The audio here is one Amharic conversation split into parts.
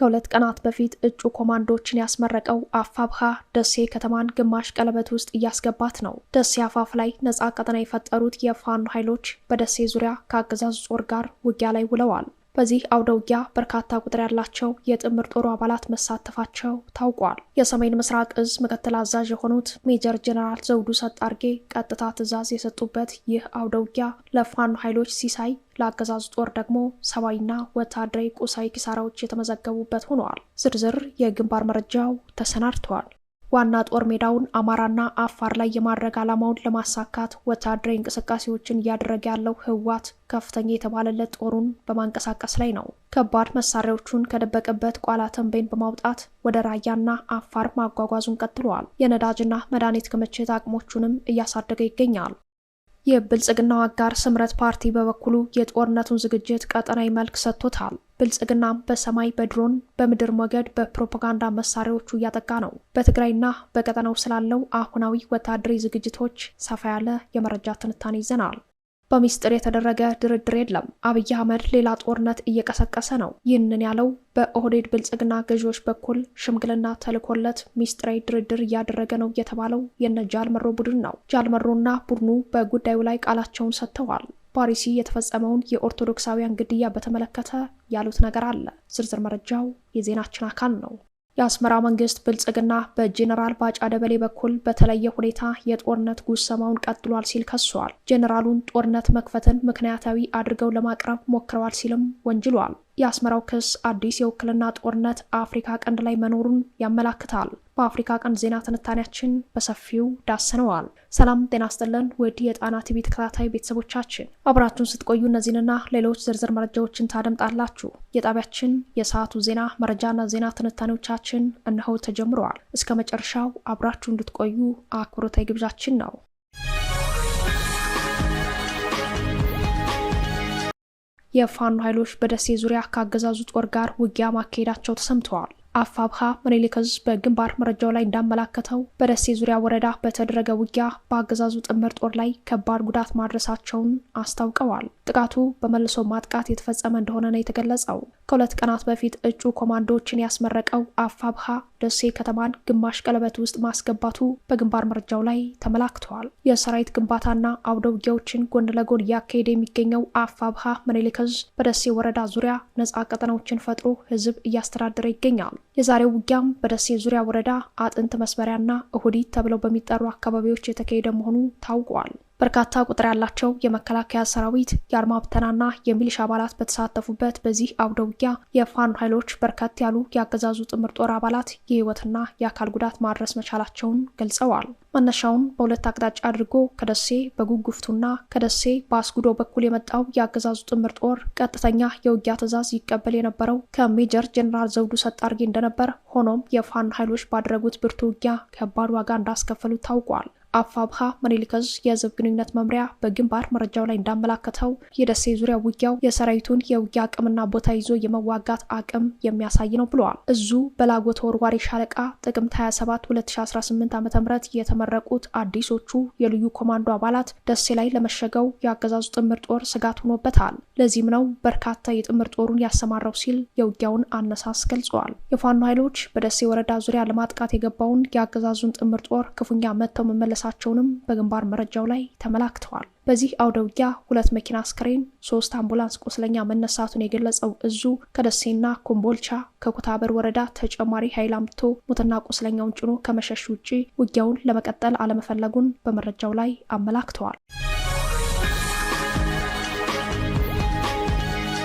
ከሁለት ቀናት በፊት እጩ ኮማንዶዎችን ያስመረቀው አፋብሃ ደሴ ከተማን ግማሽ ቀለበት ውስጥ እያስገባት ነው። ደሴ አፋፍ ላይ ነጻ ቀጠና የፈጠሩት የፋኖ ኃይሎች በደሴ ዙሪያ ከአገዛዙ ጦር ጋር ውጊያ ላይ ውለዋል። በዚህ አውደውጊያ በርካታ ቁጥር ያላቸው የጥምር ጦሩ አባላት መሳተፋቸው ታውቋል። የሰሜን ምስራቅ እዝ ምክትል አዛዥ የሆኑት ሜጀር ጀነራል ዘውዱ ሰጣርጌ ቀጥታ ትዕዛዝ የሰጡበት ይህ አውደውጊያ ለፋኖ ኃይሎች ሲሳይ ለአገዛዙ ጦር ደግሞ ሰብአዊና ወታደራዊ ቁሳዊ ኪሳራዎች የተመዘገቡበት ሆነዋል። ዝርዝር የግንባር መረጃው ተሰናድተዋል። ዋና ጦር ሜዳውን አማራና አፋር ላይ የማድረግ ዓላማውን ለማሳካት ወታደራዊ እንቅስቃሴዎችን እያደረገ ያለው ህወሓት ከፍተኛ የተባለለት ጦሩን በማንቀሳቀስ ላይ ነው። ከባድ መሳሪያዎቹን ከደበቀበት ቋላ ተንቤን በማውጣት ወደ ራያና አፋር ማጓጓዙን ቀጥለዋል። የነዳጅና መድኃኒት ክምችት አቅሞቹንም እያሳደገ ይገኛል። የብልጽግናው አጋር ስምረት ፓርቲ በበኩሉ የጦርነቱን ዝግጅት ቀጠናዊ መልክ ሰጥቶታል። ብልጽግና በሰማይ በድሮን በምድር ሞገድ በፕሮፓጋንዳ መሳሪያዎቹ እያጠቃ ነው። በትግራይና በቀጠናው ስላለው አሁናዊ ወታደራዊ ዝግጅቶች ሰፋ ያለ የመረጃ ትንታኔ ይዘናል። በሚስጥር የተደረገ ድርድር የለም። አብይ አህመድ ሌላ ጦርነት እየቀሰቀሰ ነው። ይህንን ያለው በኦህዴድ ብልጽግና ገዢዎች በኩል ሽምግልና ተልኮለት ሚስጥራዊ ድርድር እያደረገ ነው የተባለው የነ ጃልመሮ ቡድን ነው። ጃልመሮና ቡድኑ በጉዳዩ ላይ ቃላቸውን ሰጥተዋል። ፓሪሲ የተፈጸመውን የኦርቶዶክሳውያን ግድያ በተመለከተ ያሉት ነገር አለ። ዝርዝር መረጃው የዜናችን አካል ነው። የአስመራ መንግስት ብልጽግና በጄኔራል ባጫ ደበሌ በኩል በተለየ ሁኔታ የጦርነት ጉሰማውን ቀጥሏል ሲል ከሷል። ጄኔራሉን ጦርነት መክፈትን ምክንያታዊ አድርገው ለማቅረብ ሞክረዋል ሲልም ወንጅሏል። የአስመራው ክስ አዲስ የውክልና ጦርነት አፍሪካ ቀንድ ላይ መኖሩን ያመላክታል። በአፍሪካ ቀንድ ዜና ትንታኔያችን በሰፊው ዳሰነዋል። ሰላም ጤና ስጥልን ውድ የጣና ቲቪ ተከታታይ ቤተሰቦቻችን አብራችሁን ስትቆዩ እነዚህንና ሌሎች ዝርዝር መረጃዎችን ታደምጣላችሁ። የጣቢያችን የሰዓቱ ዜና መረጃና ዜና ትንታኔዎቻችን እነኸው ተጀምረዋል። እስከ መጨረሻው አብራችሁ እንድትቆዩ አክብሮታዊ ግብዣችን ነው። የፋኖ ኃይሎች በደሴ ዙሪያ ከአገዛዙ ጦር ጋር ውጊያ ማካሄዳቸው ተሰምተዋል። አፋብሃ ምኒልክዝ በግንባር መረጃው ላይ እንዳመላከተው በደሴ ዙሪያ ወረዳ በተደረገ ውጊያ በአገዛዙ ጥምር ጦር ላይ ከባድ ጉዳት ማድረሳቸውን አስታውቀዋል። ጥቃቱ በመልሶ ማጥቃት የተፈጸመ እንደሆነ ነው የተገለጸው። ከሁለት ቀናት በፊት እጩ ኮማንዶዎችን ያስመረቀው አፋብሃ ደሴ ከተማን ግማሽ ቀለበት ውስጥ ማስገባቱ በግንባር መረጃው ላይ ተመላክተዋል። የሰራዊት ግንባታና አውደ ውጊያዎችን ጎን ለጎን እያካሄደ የሚገኘው አፋብሃ ምኒልክ በደሴ ወረዳ ዙሪያ ነጻ ቀጠናዎችን ፈጥሮ ህዝብ እያስተዳደረ ይገኛል። የዛሬው ውጊያም በደሴ ዙሪያ ወረዳ አጥንት መስመሪያና እሁዲት ተብለው በሚጠሩ አካባቢዎች የተካሄደ መሆኑ ታውቋል። በርካታ ቁጥር ያላቸው የመከላከያ ሰራዊት የአድማ ብተናና የሚሊሻ አባላት በተሳተፉበት በዚህ አውደ ውጊያ የፋኖ ኃይሎች በርከት ያሉ የአገዛዙ ጥምር ጦር አባላት የህይወትና የአካል ጉዳት ማድረስ መቻላቸውን ገልጸዋል። መነሻውን በሁለት አቅጣጫ አድርጎ ከደሴ በጉጉፍቱና ከደሴ በአስጉዶ በኩል የመጣው የአገዛዙ ጥምር ጦር ቀጥተኛ የውጊያ ትዕዛዝ ይቀበል የነበረው ከሜጀር ጀኔራል ዘውዱ ሰጣርጌ እንደነበር፣ ሆኖም የፋኖ ኃይሎች ባደረጉት ብርቱ ውጊያ ከባድ ዋጋ እንዳስከፈሉ ታውቋል። አፋብሃ መኔሊከዝ የህዝብ ግንኙነት መምሪያ በግንባር መረጃው ላይ እንዳመላከተው የደሴ ዙሪያ ውጊያው የሰራዊቱን የውጊያ አቅምና ቦታ ይዞ የመዋጋት አቅም የሚያሳይ ነው ብለዋል። እዙ በላጎ ተወርዋሪ ሻለቃ ጥቅምት 27 2018 ዓ ም የተመረቁት አዲሶቹ የልዩ ኮማንዶ አባላት ደሴ ላይ ለመሸገው የአገዛዙ ጥምር ጦር ስጋት ሆኖበታል። ለዚህም ነው በርካታ የጥምር ጦሩን ያሰማራው ሲል የውጊያውን አነሳስ ገልጸዋል። የፋኖ ኃይሎች በደሴ ወረዳ ዙሪያ ለማጥቃት የገባውን የአገዛዙን ጥምር ጦር ክፉኛ መጥተው መመለስ መደረሳቸውንም በግንባር መረጃው ላይ ተመላክተዋል። በዚህ አውደውጊያ ሁለት መኪና አስክሬን፣ ሶስት አምቡላንስ ቁስለኛ መነሳቱን የገለጸው እዙ ከደሴና ኮምቦልቻ ከኩታበር ወረዳ ተጨማሪ ኃይል አምጥቶ ሙትና ቁስለኛውን ጭኖ ከመሸሽ ውጪ ውጊያውን ለመቀጠል አለመፈለጉን በመረጃው ላይ አመላክተዋል።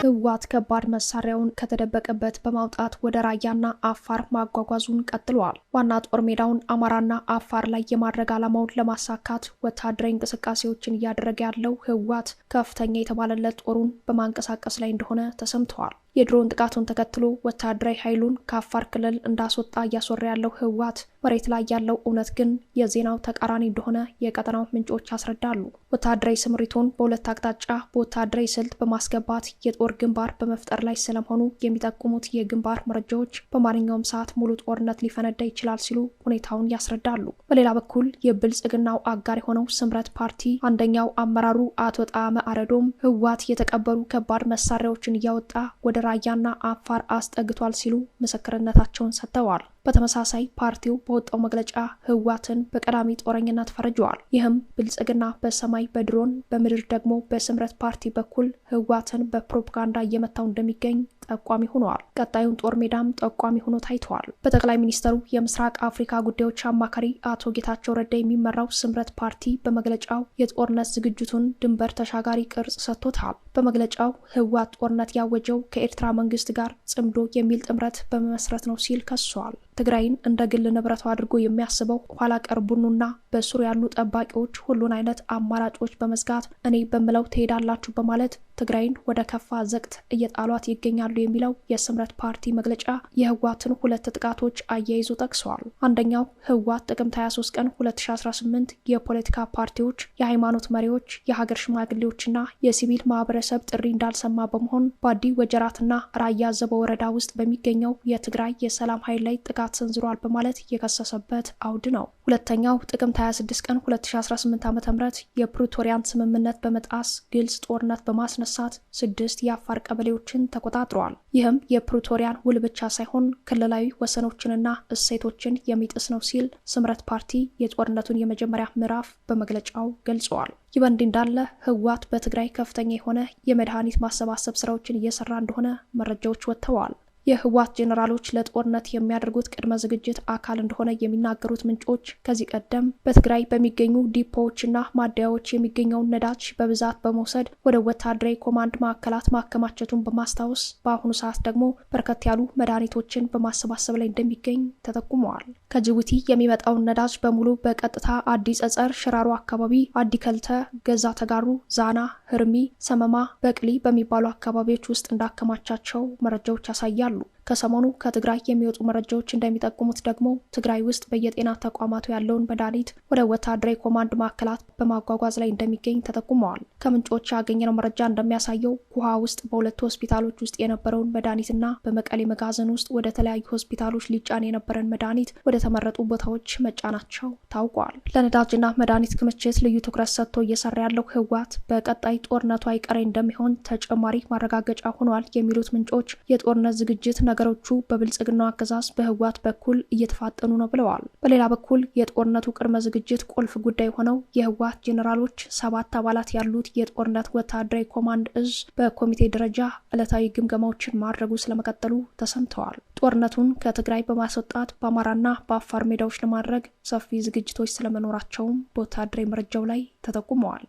ህወሓት ከባድ መሳሪያውን ከተደበቀበት በማውጣት ወደ ራያና አፋር ማጓጓዙን ቀጥሏል። ዋና ጦር ሜዳውን አማራና አፋር ላይ የማድረግ ዓላማውን ለማሳካት ወታደራዊ እንቅስቃሴዎችን እያደረገ ያለው ህወሓት ከፍተኛ የተባለለት ጦሩን በማንቀሳቀስ ላይ እንደሆነ ተሰምተዋል። የድሮን ጥቃቱን ተከትሎ ወታደራዊ ኃይሉን ከአፋር ክልል እንዳስወጣ እያስወራ ያለው ህወሓት መሬት ላይ ያለው እውነት ግን የዜናው ተቃራኒ እንደሆነ የቀጠናው ምንጮች ያስረዳሉ። ወታደራዊ ስምሪቱን በሁለት አቅጣጫ በወታደራዊ ስልት በማስገባት የጦር ግንባር በመፍጠር ላይ ስለመሆኑ የሚጠቁሙት የግንባር መረጃዎች በማንኛውም ሰዓት ሙሉ ጦርነት ሊፈነዳ ይችላል ሲሉ ሁኔታውን ያስረዳሉ። በሌላ በኩል የብልጽግናው አጋር የሆነው ስምረት ፓርቲ አንደኛው አመራሩ አቶ ጣመ አረዶም ህወሓት የተቀበሉ ከባድ መሳሪያዎችን እያወጣ ወደ ራያና አፋር አስጠግቷል ሲሉ ምስክርነታቸውን ሰጥተዋል። በተመሳሳይ ፓርቲው በወጣው መግለጫ ህዋትን በቀዳሚ ጦረኝነት ፈርጀዋል። ይህም ብልጽግና በሰማይ በድሮን በምድር ደግሞ በስምረት ፓርቲ በኩል ህዋትን በፕሮፓጋንዳ እየመታው እንደሚገኝ ጠቋሚ ሆነዋል። ቀጣዩን ጦር ሜዳም ጠቋሚ ሆኖ ታይተዋል። በጠቅላይ ሚኒስትሩ የምስራቅ አፍሪካ ጉዳዮች አማካሪ አቶ ጌታቸው ረዳ የሚመራው ስምረት ፓርቲ በመግለጫው የጦርነት ዝግጅቱን ድንበር ተሻጋሪ ቅርጽ ሰጥቶታል። በመግለጫው ህወሓት ጦርነት ያወጀው ከኤርትራ መንግስት ጋር ጽምዶ የሚል ጥምረት በመመስረት ነው ሲል ከሷል። ትግራይን እንደ ግል ንብረቷ አድርጎ የሚያስበው ኋላ ቀር ቡድኑና በስሩ ያሉ ጠባቂዎች ሁሉን አይነት አማራጮች በመዝጋት እኔ በምለው ትሄዳላችሁ በማለት ትግራይን ወደ ከፋ ዘቅት እየጣሏት ይገኛሉ የሚለው የስምረት ፓርቲ መግለጫ የህዋትን ሁለት ጥቃቶች አያይዞ ጠቅሰዋል። አንደኛው ህዋት ጥቅምት 23 ቀን 2018 የፖለቲካ ፓርቲዎች፣ የሃይማኖት መሪዎች፣ የሀገር ሽማግሌዎችና የሲቪል ማህበረሰብ ጥሪ እንዳልሰማ በመሆን ባዲ ወጀራትና ራያ ዘበ ወረዳ ውስጥ በሚገኘው የትግራይ የሰላም ኃይል ላይ ጥቃት ጥቃት ሰንዝሯል በማለት የከሰሰበት አውድ ነው። ሁለተኛው ጥቅምት 26 ቀን 2018 ዓ ም የፕሪቶሪያን ስምምነት በመጣስ ግልጽ ጦርነት በማስነሳት ስድስት የአፋር ቀበሌዎችን ተቆጣጥረዋል። ይህም የፕሪቶሪያን ውል ብቻ ሳይሆን ክልላዊ ወሰኖችንና እሴቶችን የሚጥስ ነው ሲል ስምረት ፓርቲ የጦርነቱን የመጀመሪያ ምዕራፍ በመግለጫው ገልጸዋል። ይህ በእንዲህ እንዳለ ህወሓት በትግራይ ከፍተኛ የሆነ የመድኃኒት ማሰባሰብ ስራዎችን እየሰራ እንደሆነ መረጃዎች ወጥተዋል። የህወሓት ጄኔራሎች ለጦርነት የሚያደርጉት ቅድመ ዝግጅት አካል እንደሆነ የሚናገሩት ምንጮች ከዚህ ቀደም በትግራይ በሚገኙ ዲፖዎችና ማደያዎች የሚገኘውን ነዳጅ በብዛት በመውሰድ ወደ ወታደራዊ ኮማንድ ማዕከላት ማከማቸቱን በማስታወስ በአሁኑ ሰዓት ደግሞ በርከት ያሉ መድኃኒቶችን በማሰባሰብ ላይ እንደሚገኝ ተጠቁመዋል። ከጅቡቲ የሚመጣውን ነዳጅ በሙሉ በቀጥታ አዲ ጸጸር፣ ሽራሮ አካባቢ፣ አዲ ከልተ፣ ገዛ ተጋሩ፣ ዛና፣ ህርሚ፣ ሰመማ፣ በቅሊ በሚባሉ አካባቢዎች ውስጥ እንዳከማቻቸው መረጃዎች ያሳያሉ። time ከሰሞኑ ከትግራይ የሚወጡ መረጃዎች እንደሚጠቁሙት ደግሞ ትግራይ ውስጥ በየጤና ተቋማቱ ያለውን መድኃኒት ወደ ወታደራዊ ኮማንድ ማዕከላት በማጓጓዝ ላይ እንደሚገኝ ተጠቁመዋል። ከምንጮች ያገኘነው መረጃ እንደሚያሳየው ውሃ ውስጥ በሁለት ሆስፒታሎች ውስጥ የነበረውን መድኃኒትና በመቀሌ መጋዘን ውስጥ ወደ ተለያዩ ሆስፒታሎች ሊጫን የነበረን መድኃኒት ወደ ተመረጡ ቦታዎች መጫናቸው ታውቋል። ለነዳጅና መድኃኒት ክምችት ልዩ ትኩረት ሰጥቶ እየሰራ ያለው ህወሓት በቀጣይ ጦርነቱ አይቀሬ እንደሚሆን ተጨማሪ ማረጋገጫ ሆኗል የሚሉት ምንጮች የጦርነት ዝግጅት ነገሮቹ በብልጽግናው አገዛዝ በህወሓት በኩል እየተፋጠኑ ነው ብለዋል። በሌላ በኩል የጦርነቱ ቅድመ ዝግጅት ቁልፍ ጉዳይ ሆነው የህወሓት ጄኔራሎች ሰባት አባላት ያሉት የጦርነት ወታደራዊ ኮማንድ እዝ በኮሚቴ ደረጃ ዕለታዊ ግምገማዎችን ማድረጉ ስለመቀጠሉ ተሰምተዋል። ጦርነቱን ከትግራይ በማስወጣት በአማራና በአፋር ሜዳዎች ለማድረግ ሰፊ ዝግጅቶች ስለመኖራቸውም በወታደራዊ መረጃው ላይ ተጠቁመዋል።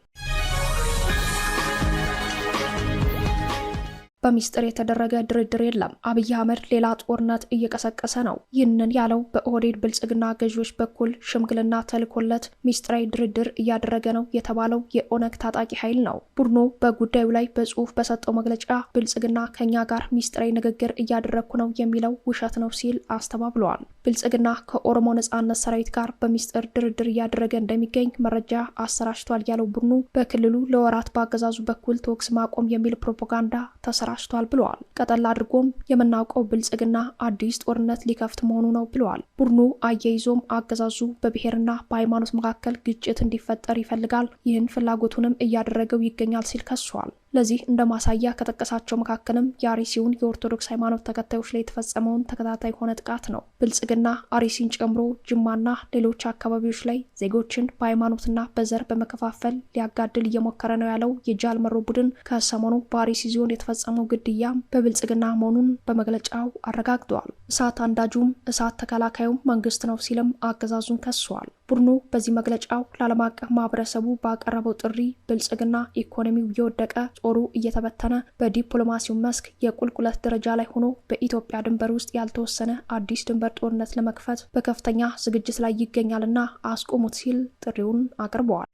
በሚስጥር የተደረገ ድርድር የለም። አብይ አህመድ ሌላ ጦርነት እየቀሰቀሰ ነው። ይህንን ያለው በኦህዴድ ብልጽግና ገዢዎች በኩል ሽምግልና ተልኮለት ሚስጥራዊ ድርድር እያደረገ ነው የተባለው የኦነግ ታጣቂ ኃይል ነው። ቡድኑ በጉዳዩ ላይ በጽሁፍ በሰጠው መግለጫ ብልጽግና ከኛ ጋር ሚስጥራዊ ንግግር እያደረግኩ ነው የሚለው ውሸት ነው ሲል አስተባብለዋል። ብልጽግና ከኦሮሞ ነጻነት ሰራዊት ጋር በሚስጥር ድርድር እያደረገ እንደሚገኝ መረጃ አሰራጭቷል ያለው ቡድኑ በክልሉ ለወራት በአገዛዙ በኩል ተኩስ ማቆም የሚል ፕሮፓጋንዳ ተሰራጭቷል ብለዋል። ቀጠል አድርጎም የምናውቀው ብልጽግና አዲስ ጦርነት ሊከፍት መሆኑ ነው ብለዋል። ቡድኑ አያይዞም አገዛዙ በብሔርና በሃይማኖት መካከል ግጭት እንዲፈጠር ይፈልጋል፣ ይህን ፍላጎቱንም እያደረገው ይገኛል ሲል ከሷል። ለዚህ እንደ ማሳያ ከጠቀሳቸው መካከልም የአሪሲውን የኦርቶዶክስ ሃይማኖት ተከታዮች ላይ የተፈጸመውን ተከታታይ የሆነ ጥቃት ነው። ብልጽግና አሪሲን ጨምሮ ጅማና ሌሎች አካባቢዎች ላይ ዜጎችን በሃይማኖትና በዘር በመከፋፈል ሊያጋድል እየሞከረ ነው ያለው የጃልመሮ ቡድን ከሰሞኑ በአሪሲ ዞን የተፈጸመው ግድያም በብልጽግና መሆኑን በመግለጫው አረጋግጠዋል። እሳት አንዳጁም እሳት ተከላካዩም መንግስት ነው ሲልም አገዛዙን ከሷል። ቡድኑ በዚህ መግለጫው ለዓለም አቀፍ ማህበረሰቡ ባቀረበው ጥሪ ብልጽግና ኢኮኖሚው እየወደቀ ጦሩ እየተበተነ በዲፕሎማሲው መስክ የቁልቁለት ደረጃ ላይ ሆኖ በኢትዮጵያ ድንበር ውስጥ ያልተወሰነ አዲስ ድንበር ጦርነት ለመክፈት በከፍተኛ ዝግጅት ላይ ይገኛልና አስቆሙት ሲል ጥሪውን አቅርበዋል።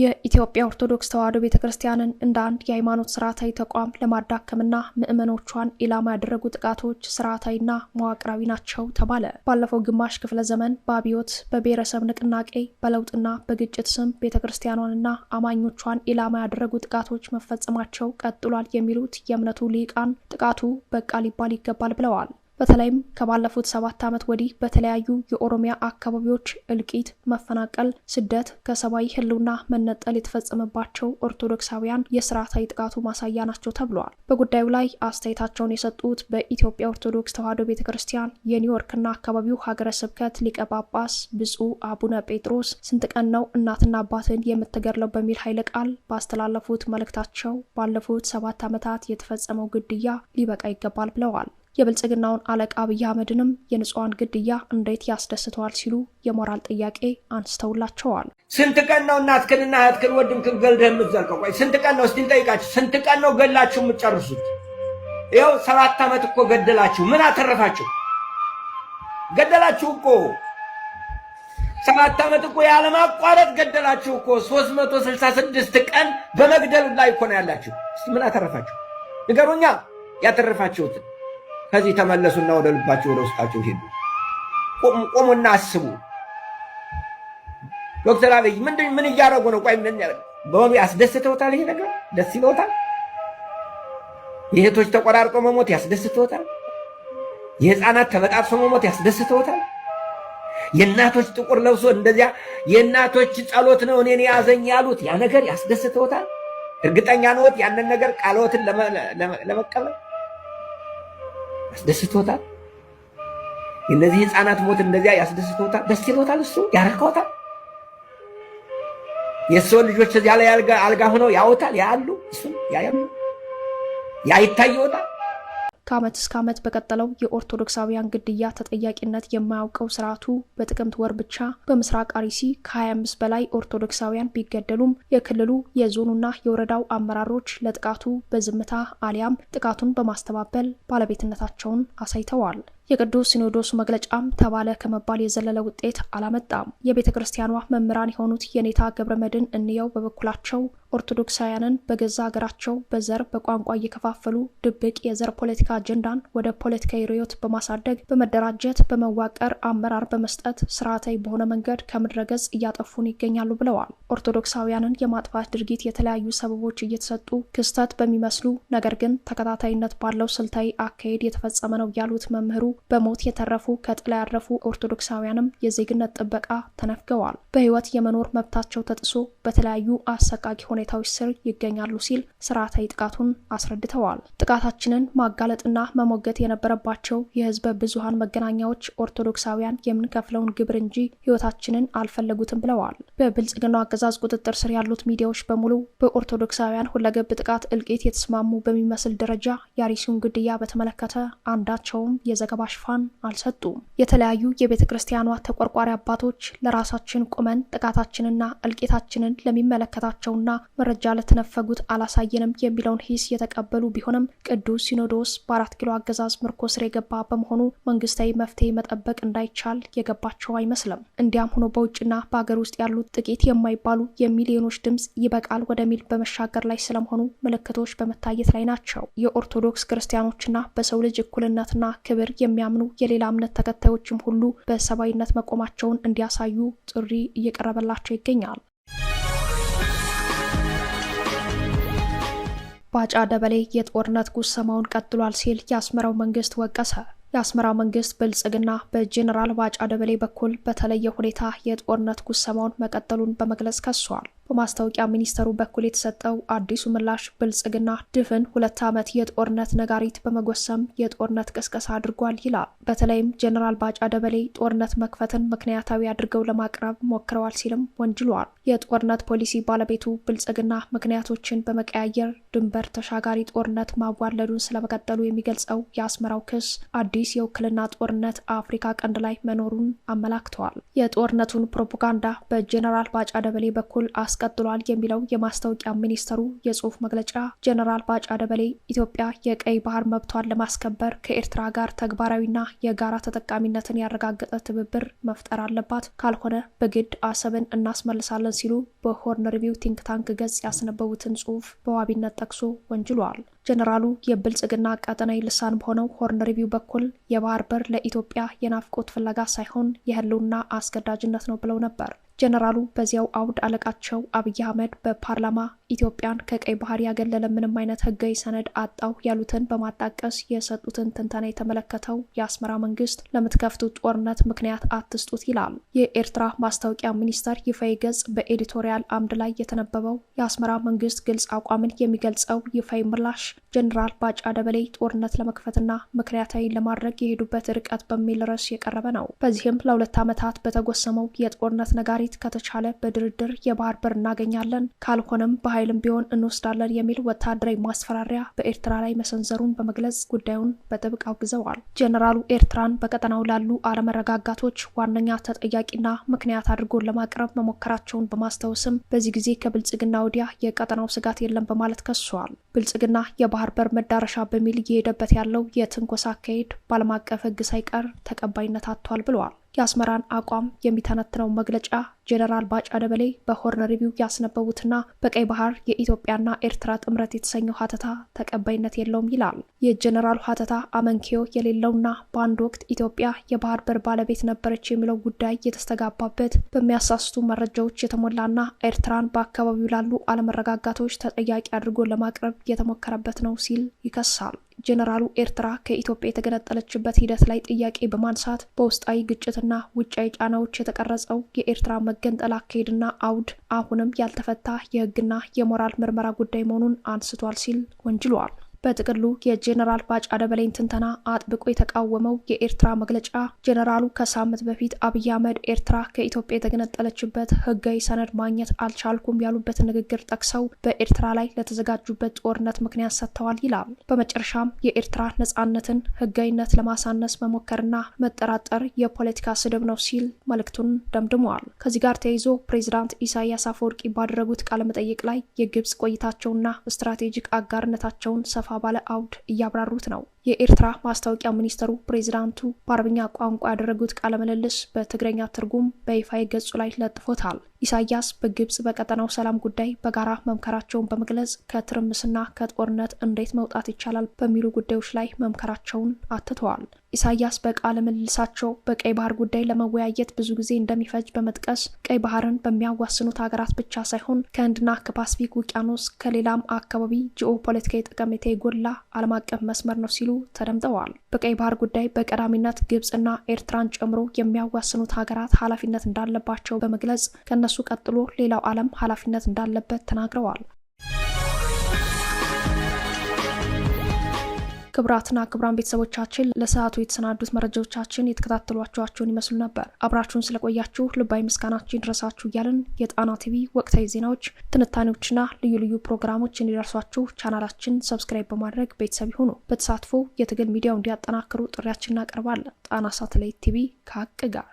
የኢትዮጵያ ኦርቶዶክስ ተዋሕዶ ቤተ ክርስቲያንን እንደ አንድ የሃይማኖት ስርዓታዊ ተቋም ለማዳከምና ምዕመኖቿን ኢላማ ያደረጉ ጥቃቶች ስርዓታዊና መዋቅራዊ ናቸው ተባለ። ባለፈው ግማሽ ክፍለ ዘመን በአብዮት በብሔረሰብ ንቅናቄ በለውጥና በግጭት ስም ቤተ ክርስቲያኗንና አማኞቿን ኢላማ ያደረጉ ጥቃቶች መፈጸማቸው ቀጥሏል የሚሉት የእምነቱ ሊቃን ጥቃቱ በቃ ሊባል ይገባል ብለዋል። በተለይም ከባለፉት ሰባት ዓመት ወዲህ በተለያዩ የኦሮሚያ አካባቢዎች እልቂት፣ መፈናቀል፣ ስደት፣ ከሰብአዊ ህልውና መነጠል የተፈጸመባቸው ኦርቶዶክሳውያን የስርዓታዊ ጥቃቱ ማሳያ ናቸው ተብለዋል። በጉዳዩ ላይ አስተያየታቸውን የሰጡት በኢትዮጵያ ኦርቶዶክስ ተዋሕዶ ቤተ ክርስቲያን የኒውዮርክና አካባቢው ሀገረ ስብከት ሊቀ ጳጳስ ብፁዕ አቡነ ጴጥሮስ ስንት ቀን ነው እናትና አባትን የምትገድለው በሚል ኃይለ ቃል ባስተላለፉት መልእክታቸው ባለፉት ሰባት ዓመታት የተፈጸመው ግድያ ሊበቃ ይገባል ብለዋል። የብልጽግናውን አለቃ አብይ አህመድንም የንጹሐን ግድያ እንዴት ያስደስተዋል ሲሉ የሞራል ጥያቄ አንስተውላቸዋል። ስንት ቀን ነው እናትክንና እህትክን ወንድምክን ገልደህ የምትዘልቀው? ቆይ ስንት ቀን ነው እስቲ እንጠይቃችሁ። ስንት ቀን ነው ገላችሁ የምትጨርሱት? ይኸው ሰባት ዓመት እኮ ገደላችሁ። ምን አተረፋችሁ? ገደላችሁ እኮ ሰባት ዓመት እኮ ያለማቋረጥ ገደላችሁ እኮ። ሶስት መቶ ስልሳ ስድስት ቀን በመግደሉ ላይ እኮ ነው ያላችሁ። ምን አተረፋችሁ ንገሩኛ ያተረፋችሁትን ከዚህ ተመለሱና ወደ ልባቸው ወደ ውስጣቸው ሄዱ። ቆሙና አስቡ። ዶክተር አብይ ምን እያደረጉ ነው? ቆይ በሆኑ ያስደስተውታል? ይሄ ነገር ደስ ይለውታል? የእህቶች ተቆራርጦ መሞት ያስደስተውታል? የህፃናት ተበጣጥሶ መሞት ያስደስተውታል? የእናቶች ጥቁር ለብሶ እንደዚያ የእናቶች ጸሎት ነው እኔን የያዘኝ ያሉት ያ ነገር ያስደስተውታል? እርግጠኛ ነዎት? ያንን ነገር ቃልዎትን ለመቀበል ያስደስቶታል። የእነዚህ ህፃናት ሞት እንደዚያ ያስደስቶታል፣ ደስ ይሎታል፣ እሱ ያረካውታል። የሰው ልጆች እዚያ ላይ አልጋ ሆነው ያወታል፣ ያያሉ፣ እሱ ያያሉ፣ ያ ከዓመት እስከ ዓመት በቀጠለው የኦርቶዶክሳውያን ግድያ ተጠያቂነት የማያውቀው ስርዓቱ በጥቅምት ወር ብቻ በምስራቅ አርሲ ከ25 በላይ ኦርቶዶክሳውያን ቢገደሉም የክልሉ የዞኑና የወረዳው አመራሮች ለጥቃቱ በዝምታ አሊያም ጥቃቱን በማስተባበል ባለቤትነታቸውን አሳይተዋል። የቅዱስ ሲኖዶሱ መግለጫም ተባለ ከመባል የዘለለ ውጤት አላመጣም። የቤተ ክርስቲያኗ መምህራን የሆኑት የኔታ ገብረ መድን እንየው በበኩላቸው ኦርቶዶክሳውያንን በገዛ ሀገራቸው በዘር በቋንቋ እየከፋፈሉ ድብቅ የዘር ፖለቲካ አጀንዳን ወደ ፖለቲካዊ ርዕዮት በማሳደግ በመደራጀት በመዋቀር አመራር በመስጠት ስርዓታዊ በሆነ መንገድ ከምድረ ገጽ እያጠፉን ይገኛሉ ብለዋል። ኦርቶዶክሳውያንን የማጥፋት ድርጊት የተለያዩ ሰበቦች እየተሰጡ ክስተት በሚመስሉ ነገር ግን ተከታታይነት ባለው ስልታዊ አካሄድ የተፈጸመ ነው ያሉት መምህሩ በሞት የተረፉ ከጥላ ያረፉ ኦርቶዶክሳውያንም የዜግነት ጥበቃ ተነፍገዋል። በህይወት የመኖር መብታቸው ተጥሶ በተለያዩ አሰቃቂ ሁኔታዎች ስር ይገኛሉ ሲል ስርዓታዊ ጥቃቱን አስረድተዋል። ጥቃታችንን ማጋለጥና መሞገት የነበረባቸው የህዝበ ብዙሀን መገናኛዎች ኦርቶዶክሳውያን የምንከፍለውን ግብር እንጂ ህይወታችንን አልፈለጉትም ብለዋል። በብልጽግናው አገዛዝ ቁጥጥር ስር ያሉት ሚዲያዎች በሙሉ በኦርቶዶክሳውያን ሁለገብ ጥቃት እልቂት የተስማሙ በሚመስል ደረጃ የአርሲውን ግድያ በተመለከተ አንዳቸውም የዘገባ ሽፋን አልሰጡም። የተለያዩ የቤተ ክርስቲያኗ ተቆርቋሪ አባቶች ለራሳችን ቁመን ጥቃታችንና እልቂታችንን ለሚመለከታቸውና መረጃ ለተነፈጉት አላሳየንም የሚለውን ሂስ የተቀበሉ ቢሆንም ቅዱስ ሲኖዶስ በአራት ኪሎ አገዛዝ ምርኮ ስር የገባ በመሆኑ መንግስታዊ መፍትሄ መጠበቅ እንዳይቻል የገባቸው አይመስልም። እንዲያም ሆኖ በውጭና በሀገር ውስጥ ያሉት ጥቂት የማይባሉ የሚሊዮኖች ድምፅ ይበቃል ወደሚል በመሻገር ላይ ስለመሆኑ ምልክቶች በመታየት ላይ ናቸው። የኦርቶዶክስ ክርስቲያኖችና በሰው ልጅ እኩልነትና ክብር የሚ የሚያምኑ የሌላ እምነት ተከታዮችም ሁሉ በሰብአዊነት መቆማቸውን እንዲያሳዩ ጥሪ እየቀረበላቸው ይገኛል። ባጫ ደበሌ የጦርነት ጉሰማውን ቀጥሏል ሲል የአስመራው መንግስት ወቀሰ። የአስመራ መንግስት ብልጽግና በጄኔራል ባጫ ደበሌ በኩል በተለየ ሁኔታ የጦርነት ጉሰማውን መቀጠሉን በመግለጽ ከሷል። በማስታወቂያ ሚኒስተሩ በኩል የተሰጠው አዲሱ ምላሽ ብልጽግና ድፍን ሁለት ዓመት የጦርነት ነጋሪት በመጎሰም የጦርነት ቅስቀሳ አድርጓል ይላል። በተለይም ጀኔራል ባጫ ደበሌ ጦርነት መክፈትን ምክንያታዊ አድርገው ለማቅረብ ሞክረዋል ሲልም ወንጅሏል። የጦርነት ፖሊሲ ባለቤቱ ብልጽግና ምክንያቶችን በመቀያየር ድንበር ተሻጋሪ ጦርነት ማዋለዱን ስለመቀጠሉ የሚገልጸው የአስመራው ክስ አዲስ የውክልና ጦርነት አፍሪካ ቀንድ ላይ መኖሩን አመላክተዋል። የጦርነቱን ፕሮፓጋንዳ በጀኔራል ባጫ ደበሌ በኩል አስ አስቀጥሏል የሚለው የማስታወቂያ ሚኒስተሩ የጽሁፍ መግለጫ ጀነራል ባጫ ደበሌ ኢትዮጵያ የቀይ ባህር መብቷን ለማስከበር ከኤርትራ ጋር ተግባራዊና የጋራ ተጠቃሚነትን ያረጋገጠ ትብብር መፍጠር አለባት፣ ካልሆነ በግድ አሰብን እናስመልሳለን ሲሉ በሆርን ሪቪው ቲንክ ታንክ ገጽ ያስነበቡትን ጽሁፍ በዋቢነት ጠቅሶ ወንጅሏል። ጀነራሉ የብልጽግና ቀጠናዊ ልሳን በሆነው ሆርን ሪቪው በኩል የባህር በር ለኢትዮጵያ የናፍቆት ፍለጋ ሳይሆን የህልውና አስገዳጅነት ነው ብለው ነበር። ጀነራሉ በዚያው አውድ አለቃቸው አብይ አህመድ በፓርላማ ኢትዮጵያን ከቀይ ባህር ያገለለ ምንም አይነት ህጋዊ ሰነድ አጣው ያሉትን በማጣቀስ የሰጡትን ትንተና የተመለከተው የአስመራ መንግስት ለምትከፍቱት ጦርነት ምክንያት አትስጡት ይላል። የኤርትራ ማስታወቂያ ሚኒስቴር ይፋዊ ገጽ በኤዲቶሪያል አምድ ላይ የተነበበው የአስመራ መንግስት ግልጽ አቋምን የሚገልጸው ይፋዊ ምላሽ ጀኔራል ባጫ ደበሌ ጦርነት ለመክፈትና ምክንያታዊ ለማድረግ የሄዱበት ርቀት በሚል ርዕስ የቀረበ ነው። በዚህም ለሁለት ዓመታት በተጎሰመው የጦርነት ነጋሪት ከተቻለ በድርድር የባህር በር እናገኛለን ካልሆነም በኃይልም ቢሆን እንወስዳለን የሚል ወታደራዊ ማስፈራሪያ በኤርትራ ላይ መሰንዘሩን በመግለጽ ጉዳዩን በጥብቅ አውግዘዋል። ጄኔራሉ ኤርትራን በቀጠናው ላሉ አለመረጋጋቶች ዋነኛ ተጠያቂና ምክንያት አድርጎ ለማቅረብ መሞከራቸውን በማስታወስም በዚህ ጊዜ ከብልጽግና ወዲያ የቀጠናው ስጋት የለም በማለት ከሷል። ብልጽግና የባህር በር መዳረሻ በሚል እየሄደበት ያለው የትንኮሳ አካሄድ በዓለም አቀፍ ሕግ ሳይቀር ተቀባይነት አጥቷል ብለዋል። የአስመራን አቋም የሚተነትነው መግለጫ ጄኔራል ባጫ ደበሌ በሆርን ሪቪው ያስነበቡትና በቀይ ባህር የኢትዮጵያና ኤርትራ ጥምረት የተሰኘው ሀተታ ተቀባይነት የለውም ይላል። የጄኔራሉ ሀተታ አመንኪዮ የሌለውና በአንድ ወቅት ኢትዮጵያ የባህር በር ባለቤት ነበረች የሚለው ጉዳይ የተስተጋባበት በሚያሳስቱ መረጃዎች የተሞላና ኤርትራን በአካባቢው ላሉ አለመረጋጋቶች ተጠያቂ አድርጎ ለማቅረብ የተሞከረበት ነው ሲል ይከሳል። ጄኔራሉ ኤርትራ ከኢትዮጵያ የተገነጠለችበት ሂደት ላይ ጥያቄ በማንሳት በውስጣዊ ግጭትና ውጫዊ ጫናዎች የተቀረጸው የኤርትራ የመገንጠል አካሄድና አውድ አሁንም ያልተፈታ የህግና የሞራል ምርመራ ጉዳይ መሆኑን አንስቷል ሲል ወንጅሏል። በጥቅሉ የጄኔራል ባጫ ደበሌን ትንተና አጥብቆ የተቃወመው የኤርትራ መግለጫ ጄኔራሉ ከሳምንት በፊት አብይ አህመድ ኤርትራ ከኢትዮጵያ የተገነጠለችበት ሕጋዊ ሰነድ ማግኘት አልቻልኩም ያሉበት ንግግር ጠቅሰው በኤርትራ ላይ ለተዘጋጁበት ጦርነት ምክንያት ሰጥተዋል ይላል። በመጨረሻም የኤርትራ ነጻነትን ሕጋዊነት ለማሳነስ መሞከርና መጠራጠር የፖለቲካ ስድብ ነው ሲል መልእክቱን ደምድመዋል። ከዚህ ጋር ተያይዞ ፕሬዚዳንት ኢሳያስ አፈወርቂ ባደረጉት ቃለመጠይቅ ላይ የግብጽ ቆይታቸውና ስትራቴጂክ አጋርነታቸውን ሰፋ ባለ አውድ እያብራሩት ነው። የኤርትራ ማስታወቂያ ሚኒስተሩ ፕሬዚዳንቱ በአረብኛ ቋንቋ ያደረጉት ቃለ ምልልስ በትግረኛ ትርጉም በይፋ ገጹ ላይ ለጥፎታል። ኢሳያስ በግብጽ በቀጠናው ሰላም ጉዳይ በጋራ መምከራቸውን በመግለጽ ከትርምስና ከጦርነት እንዴት መውጣት ይቻላል በሚሉ ጉዳዮች ላይ መምከራቸውን አትተዋል። ኢሳያስ በቃለ ምልልሳቸው በቀይ ባህር ጉዳይ ለመወያየት ብዙ ጊዜ እንደሚፈጅ በመጥቀስ ቀይ ባህርን በሚያዋስኑት ሀገራት ብቻ ሳይሆን ከህንድና ከፓስፊክ ውቅያኖስ ከሌላም አካባቢ ጂኦፖለቲካዊ ጠቀሜታ የጎላ ዓለም አቀፍ መስመር ነው ሲሉ ተደምጠዋል። በቀይ ባህር ጉዳይ በቀዳሚነት ግብፅና ኤርትራን ጨምሮ የሚያዋስኑት ሀገራት ኃላፊነት እንዳለባቸው በመግለጽ ከእነሱ ቀጥሎ ሌላው ዓለም ኃላፊነት እንዳለበት ተናግረዋል። ክብራትና ክብራን ቤተሰቦቻችን ለሰዓቱ የተሰናዱት መረጃዎቻችን የተከታተሏቸኋቸውን ይመስሉ ነበር። አብራችሁን ስለቆያችሁ ልባዊ ምስጋናችን ይድረሳችሁ እያለን የጣና ቲቪ ወቅታዊ ዜናዎች፣ ትንታኔዎችና ልዩ ልዩ ፕሮግራሞች እንዲደርሷችሁ ቻናላችን ሰብስክራይብ በማድረግ ቤተሰብ ይሁኑ። በተሳትፎ የትግል ሚዲያው እንዲያጠናክሩ ጥሪያችን እናቀርባለን። ጣና ሳተላይት ቲቪ ከሀቅ ጋር